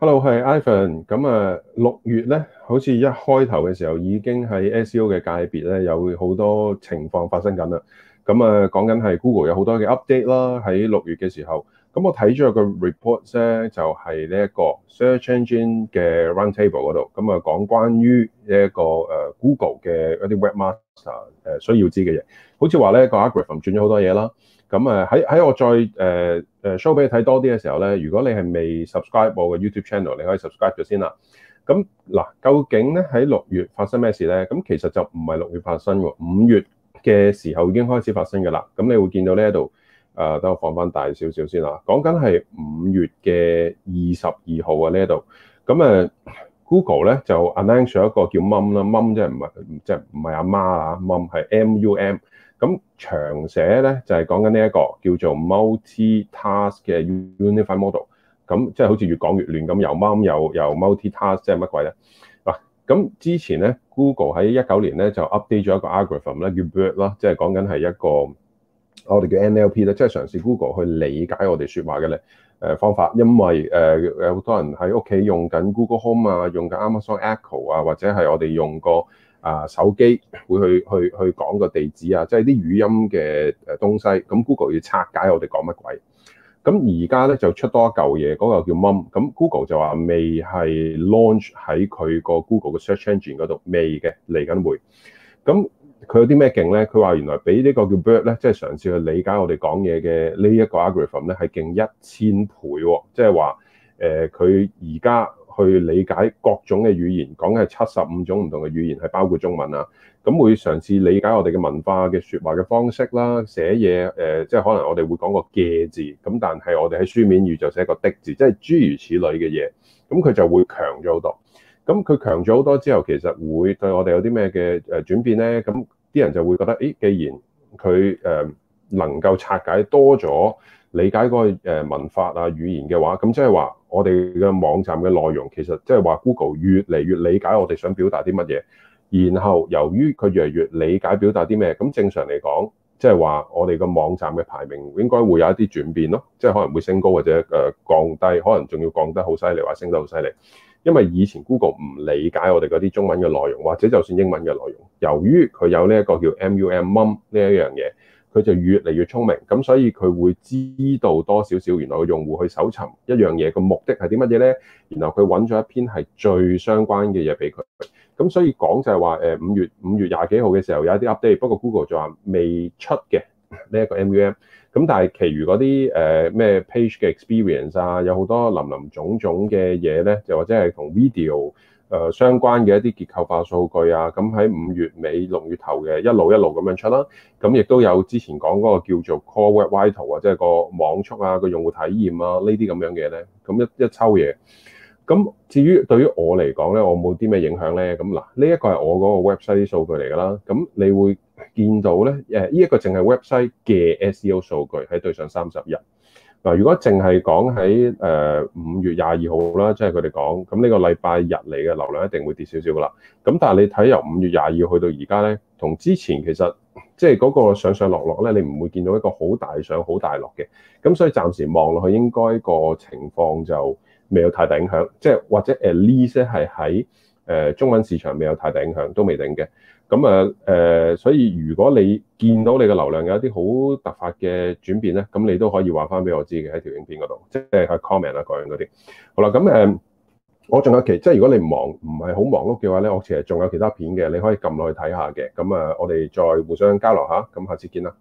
Hello，係 Ivan。咁啊，六月咧，好似一開頭嘅時候已經喺 SEO 嘅界別咧，有好多情況發生緊啦。咁啊，講緊係 Google 有好多嘅 update 啦。喺六月嘅時候，咁我睇咗個 report 咧，就係呢一個 search engine 嘅 round table 嗰度，咁啊講關於呢一個誒 Google 嘅一啲 webmaster 誒需要知嘅嘢，好似話咧個 algorithm 轉咗好多嘢啦。咁啊，喺喺我再誒誒 show 俾你睇多啲嘅時候咧，如果你係未 subscribe 我嘅 YouTube channel，你可以 subscribe 咗先啦。咁嗱，究竟咧喺六月發生咩事咧？咁其實就唔係六月發生喎，五月嘅時候已經開始發生嘅啦。咁你會見到、呃一一點點 Google、呢一度，誒，等我放翻大少少先啦。講緊係五月嘅二十二號啊呢一度。咁誒，Google 咧就 announce 咗一個叫 Mum 啦，Mum 即係唔係即係唔係阿媽啊，Mum 係 M U M。咁長寫咧就係、是、講緊呢一個叫做 multi-task 嘅 unified model，咁即係好似越講越亂咁，又啱、um, 又,又 m multi-task 即係乜鬼咧？嗱，咁之前咧 Google 喺一九年咧就 update 咗一個 algorithm 咧叫 BERT 啦，即係講緊係一個我哋叫 NLP 咧，即係嘗試 Google 去理解我哋説話嘅咧誒方法，因為誒有好多人喺屋企用緊 Google Home 啊，用緊 Amazon Echo 啊，或者係我哋用過。啊手機會去去去講個地址啊，即係啲語音嘅誒東西，咁 Google 要拆解我哋講乜鬼？咁而家咧就出多一嚿嘢，嗰個叫 Mum，咁 Google 就話未係 launch 喺佢個 Google 嘅 search engine 度未嘅，嚟緊會。咁佢有啲咩勁咧？佢話原來比呢個叫 BERT 咧，即係嘗試去理解我哋講嘢嘅呢一個 algorithm 咧，係勁一千倍喎，即係話誒佢而家。呃去理解各種嘅語言，講嘅係七十五種唔同嘅語言，係包括中文啊。咁會嘗試理解我哋嘅文化嘅説話嘅方式啦，寫嘢誒、呃，即係可能我哋會講個嘅字，咁但係我哋喺書面語就寫個的字，即係諸如此類嘅嘢。咁佢就會強咗好多。咁佢強咗好多之後，其實會對我哋有啲咩嘅誒轉變呢？咁啲人就會覺得，誒、欸，既然佢誒能夠拆解多咗。理解嗰個文化啊語言嘅話，咁即係話我哋嘅網站嘅內容其實即係話 Google 越嚟越理解我哋想表達啲乜嘢，然後由於佢越嚟越理解表達啲咩，咁正常嚟講，即係話我哋個網站嘅排名應該會有一啲轉變咯，即係可能會升高或者誒降低，可能仲要降低好犀利，或升得好犀利，因為以前 Google 唔理解我哋嗰啲中文嘅內容，或者就算英文嘅內容，由於佢有呢一個叫 MUM mum 呢一樣嘢。佢就越嚟越聰明，咁所以佢會知道多少少原來嘅用戶去搜尋一樣嘢個目的係啲乜嘢咧？然後佢揾咗一篇係最相關嘅嘢俾佢。咁所以講就係話誒五月五月廿幾號嘅時候有一啲 update，不過 Google 就話未出嘅呢一個 MVM。咁但係其餘嗰啲誒咩 page 嘅 experience 啊，有好多林林總總嘅嘢咧，就或者係同 video。誒、呃、相關嘅一啲結構化數據啊，咁喺五月尾六月頭嘅一路一路咁樣出啦、啊，咁亦都有之前講嗰個叫做 Core Web Vitals 啊，即係個網速啊、個用戶體驗啊呢啲咁樣嘅嘢咧，咁一一抽嘢。咁至於對於我嚟講咧，我冇啲咩影響咧，咁嗱呢一個係我嗰個 website 數據嚟㗎啦，咁你會見到咧，誒呢一個淨係 website 嘅 SEO 數據喺對上三十日。嗱，如果淨係講喺誒五月廿二號啦，即係佢哋講，咁呢個禮拜日嚟嘅流量一定會跌少少噶啦。咁但係你睇由五月廿二號去到而家咧，同之前其實即係嗰個上上落落咧，你唔會見到一個好大上好大落嘅。咁所以暫時望落去，應該個情況就未有太大影響，即係或者誒呢啲係喺誒中文市場未有太大影響，都未定嘅。咁啊，誒、呃，所以如果你見到你嘅流量有一啲好突發嘅轉變咧，咁你都可以話翻俾我知嘅喺條影片嗰度，即係係 comment 啊，各樣嗰啲。好啦，咁誒，我仲有其，即係如果你唔忙，唔係好忙碌嘅話咧，我其實仲有其他片嘅，你可以撳落去睇下嘅。咁啊，我哋再互相交流下，咁下次見啦。